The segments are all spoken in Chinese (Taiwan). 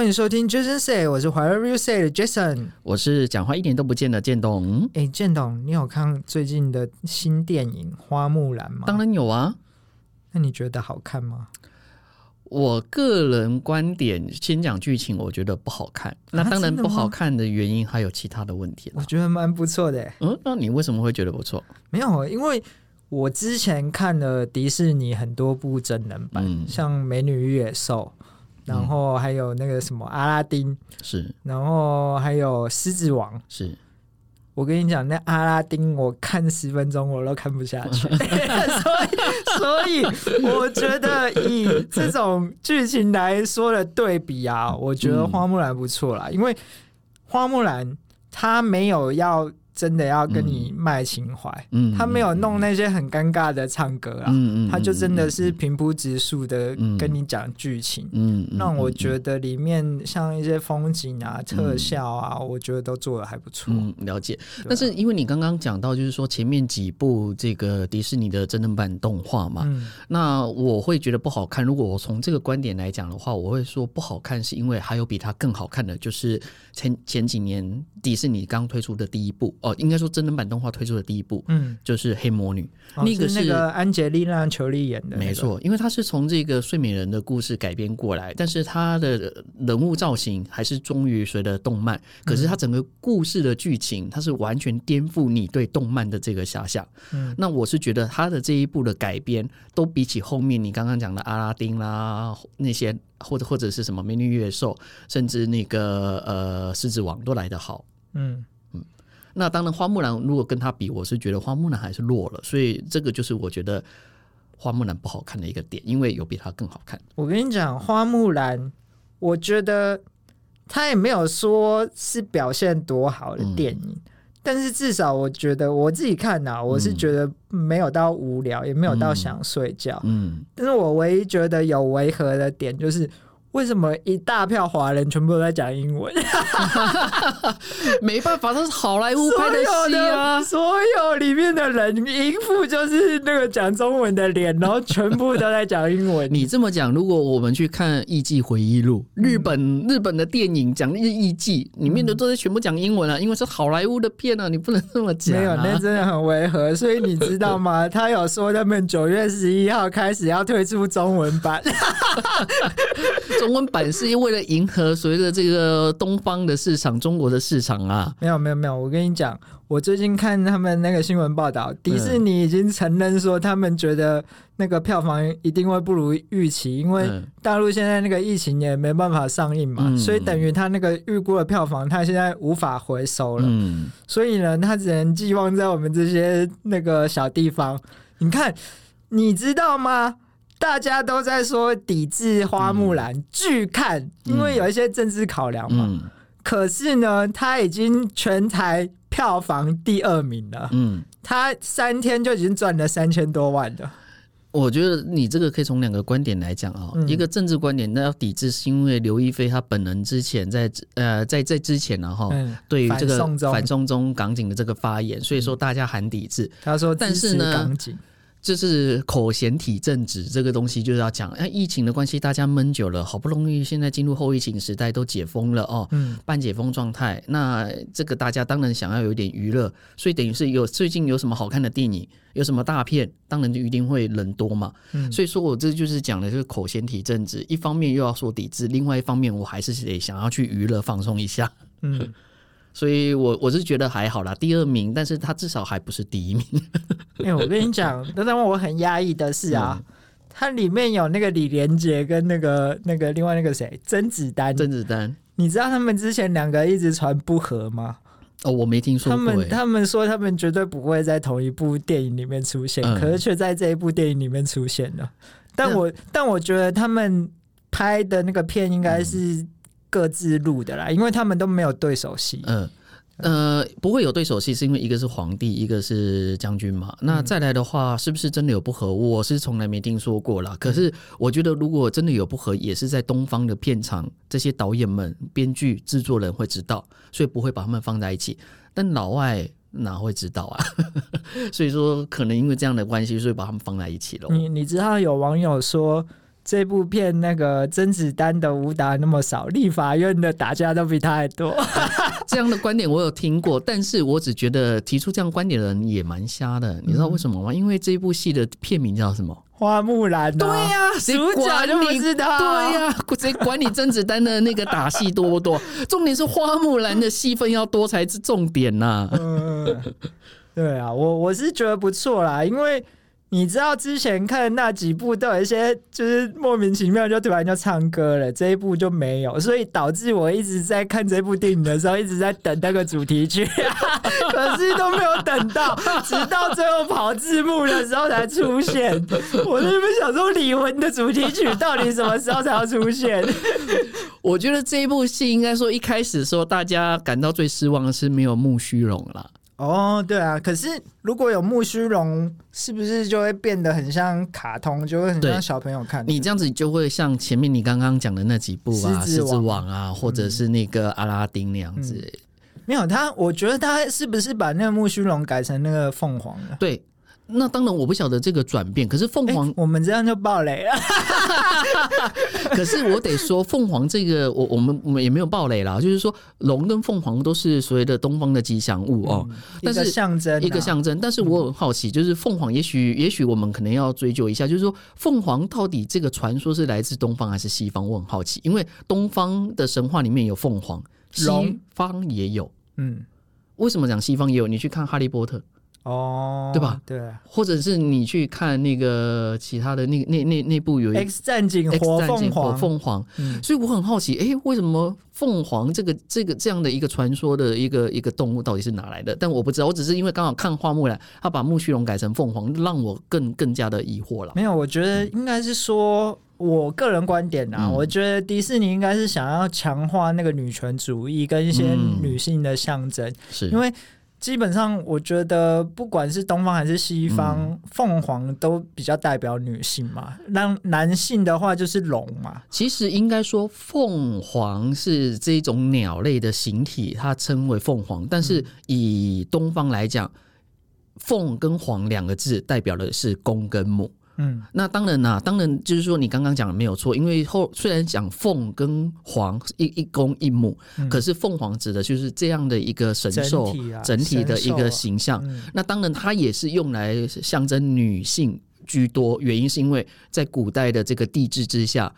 歡迎收聽 Jason Say，我是 y o 瑞 Say 的 Jason，我是講話一點都不見的建董。哎、嗯，建董，你有看最近的新電影《花木蘭》嗎？當然有啊。那你覺得好看嗎？我個人觀點，先講劇情，我覺得不好看，啊。那當然不好看的原因還有其他的問題，啊的。我覺得蠻不錯的。嗯，那你為什麼會覺得不錯？沒有，因為我之前看了迪士尼很多部真人版，嗯、像《美女與野獸》。然後還有那個什麼《阿拉丁》是，然後還有獅子王是。我跟你講，那阿拉丁我看十分鐘我都看不下去， 所以所以我覺得以這種劇情來說的對比啊，我覺得花木蘭不錯啦、嗯，因為花木蘭她沒有要。真的要跟你賣情懷，嗯，他沒有弄那些很尷尬的唱歌啊，嗯嗯，他就真的是平鋪直述的跟你講劇情，讓、嗯嗯、我覺得裡面像一些風景啊，嗯、特效啊，嗯，我覺得都做得還不錯，嗯。了解，但是因為你剛剛講到，就是說前面幾部這個迪士尼的真人版動畫嘛，嗯，那我會覺得不好看。如果我從這個觀點來講的話，我會說不好看，是因為還有比它更好看的，就是前前幾年迪士尼剛推出的第一部應該說，真人版動畫推出的第一部，嗯，就是《黑魔女》哦，那個是,是那個安杰麗娜·裘麗演的、那個，沒錯。因為她是從這個《睡美人》的故事改編過來，但是她的人物造型還是忠於隨着動漫。嗯、可是她整個故事的劇情，她是完全顛覆你對動漫的這個遐想，嗯，那我是覺得她的這一部的改編，都比起後面你剛剛講的阿拉丁啦那些，或者或者是什麼《美女與野獸》，甚至那個呃《獅子王》都來得好。嗯。那當然，花木蘭如果跟他比，我是覺得花木蘭還是弱了，所以這個就是我覺得花木蘭不好看的一個點，因為有比他更好看。我跟你講，花木蘭，我覺得他也沒有說是表現多好的電影，嗯、但是至少我覺得我自己看吶，我是覺得沒有到無聊，嗯、也沒有到想睡覺嗯。嗯，但是我唯一覺得有違和的點就是。為什麼一大票華人全部都在講英文？ 沒辦法，都是好萊塢拍的戲啊，所有的！所有裡面的人一副就是那個講中文的臉，然後全部都在講英文。 你這麼講，如果我們去看《藝伎回憶錄》嗯、日本日本的電影講日藝伎，裡面都都在全部講英文了、啊，因為是好萊塢的片啊！你不能這麼講、啊，沒有那真的很違和。所以你知道嗎？他有說他們九月十一號開始要推出中文版。 中文版是因為，為了迎合隨着這個東方的市場、中國的市場啊，沒有沒有沒有，我跟你講，我最近看他們那個新聞報道，迪士尼已經承認說，他們覺得那個票房一定會不如預期，因為大陸現在那個疫情也沒辦法上映嘛，嗯，所以等於他那個預估的票房，他現在無法回收了。嗯，所以呢，他只能寄望在我們這些那個小地方。你看，你知道嗎？大家都在說抵制《花木蘭》嗯，拒看，因為有一些政治考量嘛、嗯嗯。可是呢，他已經全台票房第二名了。嗯。他三天就已經賺了三千多萬了。我覺得你這個可以從兩個觀點來講啊、哦嗯。一個政治觀點，那要抵制是因為劉亦菲她本人之前在呃在在之前呢哈、哦嗯，對於這個反送中，反送中港警的這個發言，所以說大家喊抵制。嗯、他說，但是呢。這是口嫌體正直這個東西，就是要講。哎、啊，疫情的關係，大家悶久了，好不容易現在進入後疫情時代，都解封了哦、嗯，半解封狀態。那這個大家當然想要有點娛樂，所以等於是有最近有什麼好看的電影，有什麼大片，當然就一定會人多嘛，嗯。所以說我這就是講的，就是口嫌體正直，一方面又要說抵制，另外一方面我還是得想要去娛樂放鬆一下，嗯。所以我我是覺得還好啦，第二名，但是他至少還不是第一名，欸。哎，我跟你講，剛 剛我很壓抑的是啊，嗯、它裡面有那個李連杰跟那個那個另外那個誰，甄子丹。甄子丹，你知道他們之前兩個一直傳不合嗎？哦，我沒聽說過。他們他們說他們絕對不會在同一部電影裡面出現，嗯、可是卻在這一部電影裡面出現了。但我、嗯、但我覺得他們拍的那個片應該是、嗯。各自錄的啦，因為他們都沒有對手戲。嗯，呃，不會有對手戲，是因為一個是皇帝，一個是將軍嘛、嗯。那再來的話，是不是真的有不合？我是從來沒聽說過啦、嗯。可是我覺得，如果真的有不合，也是在東方的片場，這些導演們、編劇、制作人會知道，所以不會把他們放在一起。但老外哪會知道啊？ 所以說，可能因為這樣的關係，所以把他們放在一起了。你你知道有網友說。這部片那個甄子丹的武打那麼少，立法院的打架都比他還多。 這樣的觀點我有聽過，但是我只覺得提出這樣觀點的人也蠻瞎的。你知道為什麼嗎？嗯、因為這一部戲的片名叫什麼？花木蘭、啊。對呀、啊，誰管你不知道？對呀，誰管你甄、啊、子丹的那個打戲多不多？ 重點是花木蘭的戲份要多才是重點吶、啊 嗯。對啊，我我是覺得不錯啦，因為。你知道之前看的那幾部都有一些，就是莫名其妙就突然就唱歌了，這一部就沒有，所以導致我一直在看這部電影的時候，一直在等那個主題曲啊，可是都沒有等到，直到最後跑字幕的時候才出現。我都沒想說李玟的主題曲到底什麼時候才要出現？我覺得這一部戲應該說一開始的時候大家感到最失望的是沒有木須龍了。哦、oh，對啊，可是如果有木鬚龍，是不是就會變得很像卡通，就會很像小朋友看的？你這樣子就會像前面你剛剛講的那幾部啊，獅子王，獅子王啊，或者是那個阿拉丁那樣子。嗯嗯、沒有他，我覺得他是不是把那個木鬚龍改成那個鳳凰了，啊？對。那當然，我不曉得這個轉變。可是鳳凰、欸，我們這樣就暴雷了。 可是我得說，鳳凰這個，我我們，我們也沒有暴雷啦。就是說，龍跟鳳凰都是所謂的東方的吉祥物哦、喔嗯，一個象徵、啊，一個象徵。但是我很好奇，就是鳳凰也許，也許也許我們可能要追究一下，嗯、就是說，鳳凰到底這個傳說是來自東方還是西方？我很好奇，因為東方的神話裡面有鳳凰，西方也有。嗯，為什麼講西方也有？你去看《哈利波特》。哦、oh，對吧？對、啊，或者是你去看那個其他的那那那那部有《X 戰警》《火鳳凰》凰嗯，所以我很好奇，哎、欸，為什麼鳳凰這個這個這樣的一個傳說的一個一個動物到底是哪來的？但我不知道，我只是因為剛好看花木蘭，他把木須龍改成鳳凰，讓我更更加的疑惑了。沒有，我覺得應該是說，我個人觀點吶、啊嗯，我覺得迪士尼應該是想要強化那個女權主義跟一些女性的象徵、嗯，是因為。基本上，我覺得不管是東方還是西方，嗯，鳳凰都比較代表女性嘛。那男性的話就是龍嘛。其實應該說，鳳凰是這種鳥類的形體，它稱為鳳凰。但是以東方來講，嗯，「鳳」跟「凰」兩個字代表的是公跟母。嗯，那當然啦、啊，當然就是說你剛剛講的沒有錯，因為後雖然講鳳跟凰，一一公一母，嗯、可是鳳凰指的就是這樣的一個神獸、啊，整體的一個形象、啊嗯。那當然它也是用來象徵女性居多，原因是因為在古代的這個帝制之下，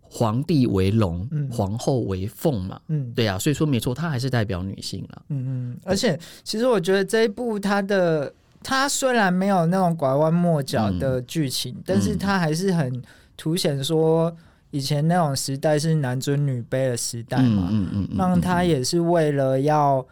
皇帝為龍、嗯，皇后為鳳嘛。嗯，對啊，所以說沒錯，它還是代表女性了。嗯嗯，而且其實我覺得這一部它的。他雖然沒有那種拐彎抹角的劇情，嗯，但是他還是很凸顯說以前那種時代是男尊女卑的時代嘛，嗯嗯嗯嗯，讓他也是為了要。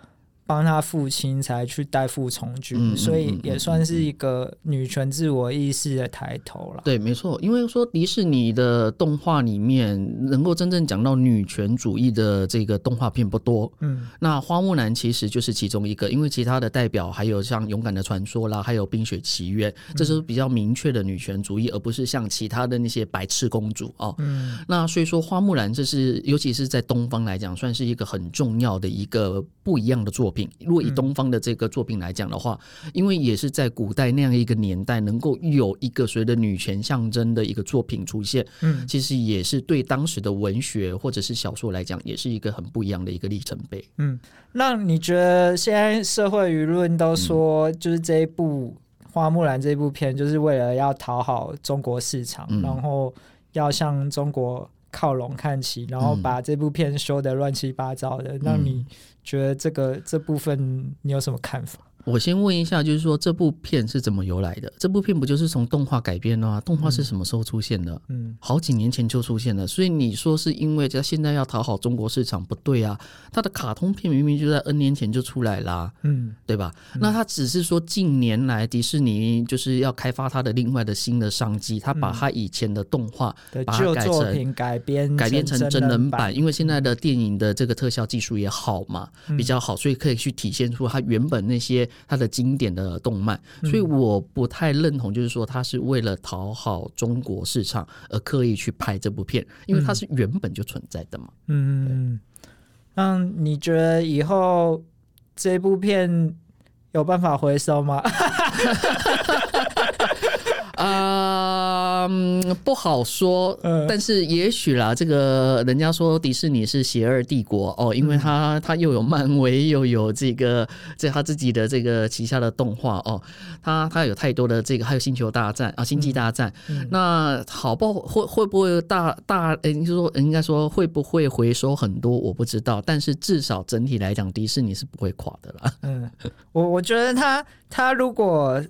幫他父親才去代父從軍，所以也算是一個女權自我意識的抬頭了、嗯嗯嗯嗯。對，沒錯，因為說迪士尼的動畫裡面能夠真正講到女權主義的這個動畫片不多。嗯，那花木蘭其實就是其中一個，因為其他的代表還有像《勇敢的傳說》啦，還有《冰雪奇緣》，這是比較明確的女權主義、嗯，而不是像其他的那些白痴公主哦，嗯，那所以說花木蘭這是尤其是在東方來講，算是一個很重要的一個不一樣的作品。品，如果以東方的這個作品來講的話、嗯，因為也是在古代那樣一個年代，能夠有一個所謂的女權象徵的一個作品出現，嗯，其實也是對當時的文學或者是小說來講，也是一個很不一樣的一個里程碑。嗯，那你覺得現在社會輿論都說，就是這一部《嗯、花木蘭》這部片，就是為了要討好中國市場、嗯，然後要向中國。靠攏看齊，然後把這部片修得亂七八糟的，嗯，那你覺得這個這部分你有什麼看法？我先問一下，就是說這部片是怎麼由來的？這部片不就是從動畫改編的嗎？啊？動畫是什麼時候出現的嗯？嗯，好幾年前就出現了。所以你說是因為他現在要討好中國市場不對啊？他的卡通片明明就在 N 年前就出來了，啊，嗯，對吧？嗯、那他只是說近年來迪士尼就是要開發他的另外的新的商機，他把他以前的動畫的舊作品改編改編成真人版，真人版，嗯，因為現在的電影的這個特效技術也好嘛，嗯，比較好，所以可以去體現出他原本那些。他的經典的動漫，所以我不太認同，就是說他是為了討好中國市場而刻意去拍這部片，因為它是原本就存在的嘛。嗯嗯嗯。那、嗯嗯、你覺得以後這部片有辦法回收嗎？ 啊、uh，不好說。但是也許啦，這個人家說迪士尼是邪惡帝國哦，因為他他又有漫威，又有這個在他自己的這個旗下的動畫哦，他他有太多的這個，還有星球大戰啊，星際大戰。嗯、那好，不好，不會會不會大大？就、欸、說，應該說會不會回收很多？我不知道。但是至少整體來講，迪士尼是不會垮的啦。嗯，我我覺得他他如果。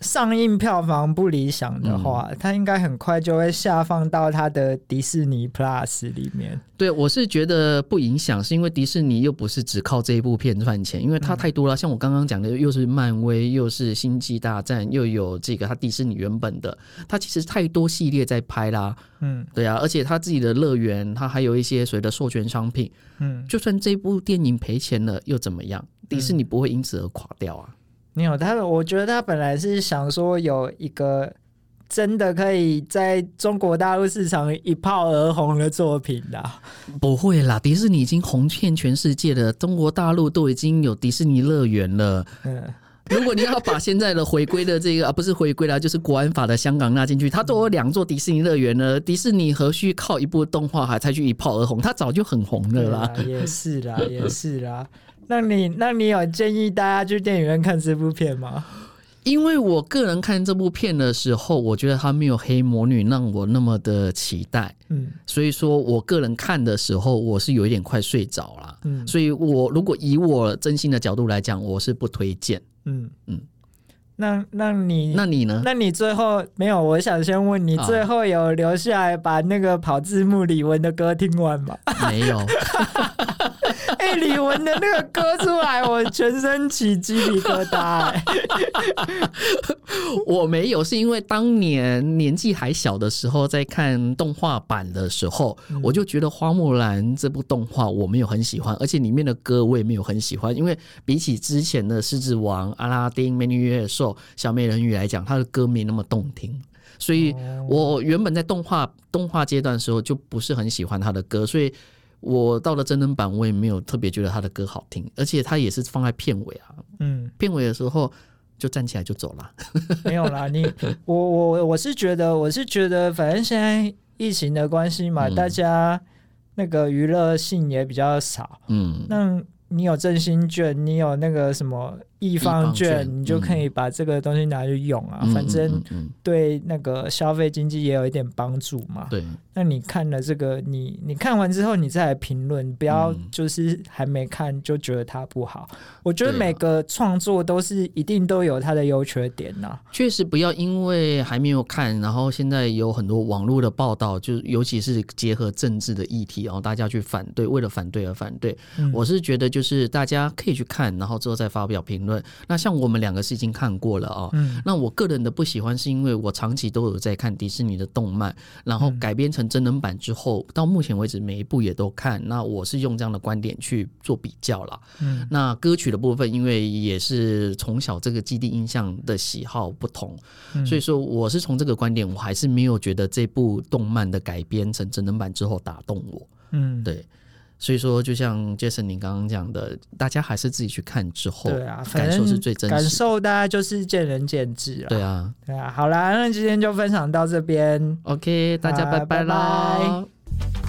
上映票房不理想的話，它、嗯、應該很快就會下放到它的迪士尼 Plus 裡面。對，我是覺得不影響，是因為迪士尼又不是只靠這一部片賺錢，因為它太多了。嗯、像我剛剛講的，又是漫威，又是星際大戰，又有這個它迪士尼原本的，它其實太多系列在拍啦。嗯，對啊，而且它自己的樂園，它還有一些所謂的授權商品。嗯，就算這部電影賠錢了又怎麼樣？迪士尼不會因此而垮掉啊。No, 他，我覺得他本來是想說有一個真的可以在中國大陸市場一炮而紅的作品的。啊，不會啦，迪士尼已經紅遍全世界了，中國大陸都已經有迪士尼樂園了。嗯、如果你要把現在的回歸的這個 啊，不是回歸啦，就是國安法的香港納進去，他都有兩座迪士尼樂園了，迪士尼何須靠一部動畫還才去一炮而紅？他早就很紅了啦，對啦，也是啦，也是啦。 那你那你有建議大家去電影院看這部片嗎？因為我個人看這部片的時候，我覺得它沒有《黑魔女》讓我那麼的期待，嗯，所以說我個人看的時候，我是有一點快睡着了，嗯，所以我如果以我真心的角度來講，我是不推薦，嗯嗯。那那你那你呢？那你最後沒有？我想先問你，啊，最後有留下來把那個跑字幕李玟的歌聽完嗎？沒有。 被李玟的那個歌出來，我全身起雞皮疙瘩。我沒有，是因為當年年紀還小的時候，在看動畫版的時候，嗯、我就覺得《花木蘭》這部動畫我沒有很喜歡，而且裡面的歌我也沒有很喜歡。因為比起之前的《獅子王》《阿拉丁》《美女與野獸》《小美人魚》來講，它的歌沒那麼動聽，所以我原本在動畫動畫階段的時候就不是很喜歡它的歌，所以。我到了真人版，我也沒有特別覺得他的歌好聽，而且他也是放在片尾啊。嗯，片尾的時候就站起來就走了，沒有啦。你 我我我是覺得，我是覺得，反正現在疫情的關係嘛，嗯，大家那個娛樂性也比較少。嗯，那你有振興券，你有那個什麼？一方券，你就可以把這個東西拿去用啊，嗯、反正對那個消費經濟也有一點幫助嘛。對、嗯嗯嗯，那你看了這個，你你看完之後你再來評論，不要就是還沒看就覺得它不好。嗯、我覺得每個創作都是一定都有它的優缺點吶、啊。確、啊、實，不要因為還沒有看，然後現在有很多網絡的報道，就尤其是結合政治的議題，然後大家去反對，為了反對而反對。嗯、我是覺得就是大家可以去看，然後之後再發表評。那像我們兩個是已經看過了啊。嗯。那我個人的不喜歡是因為我長期都有在看迪士尼的動漫，然後改編成真人版之後，嗯，到目前為止每一部也都看。那我是用這樣的觀點去做比較了。嗯。那歌曲的部分，因為也是從小這個基地印象的喜好不同，嗯，所以說我是從這個觀點，我還是沒有覺得這部動漫的改編成真人版之後打動我。嗯，對。所以說，就像傑森您剛剛講的，大家還是自己去看之後，對啊，感受是最真實的，感受大家就是見仁見智了。對啊，對啊，好啦，那今天就分享到這邊，OK，啊，大家拜拜啦。拜拜。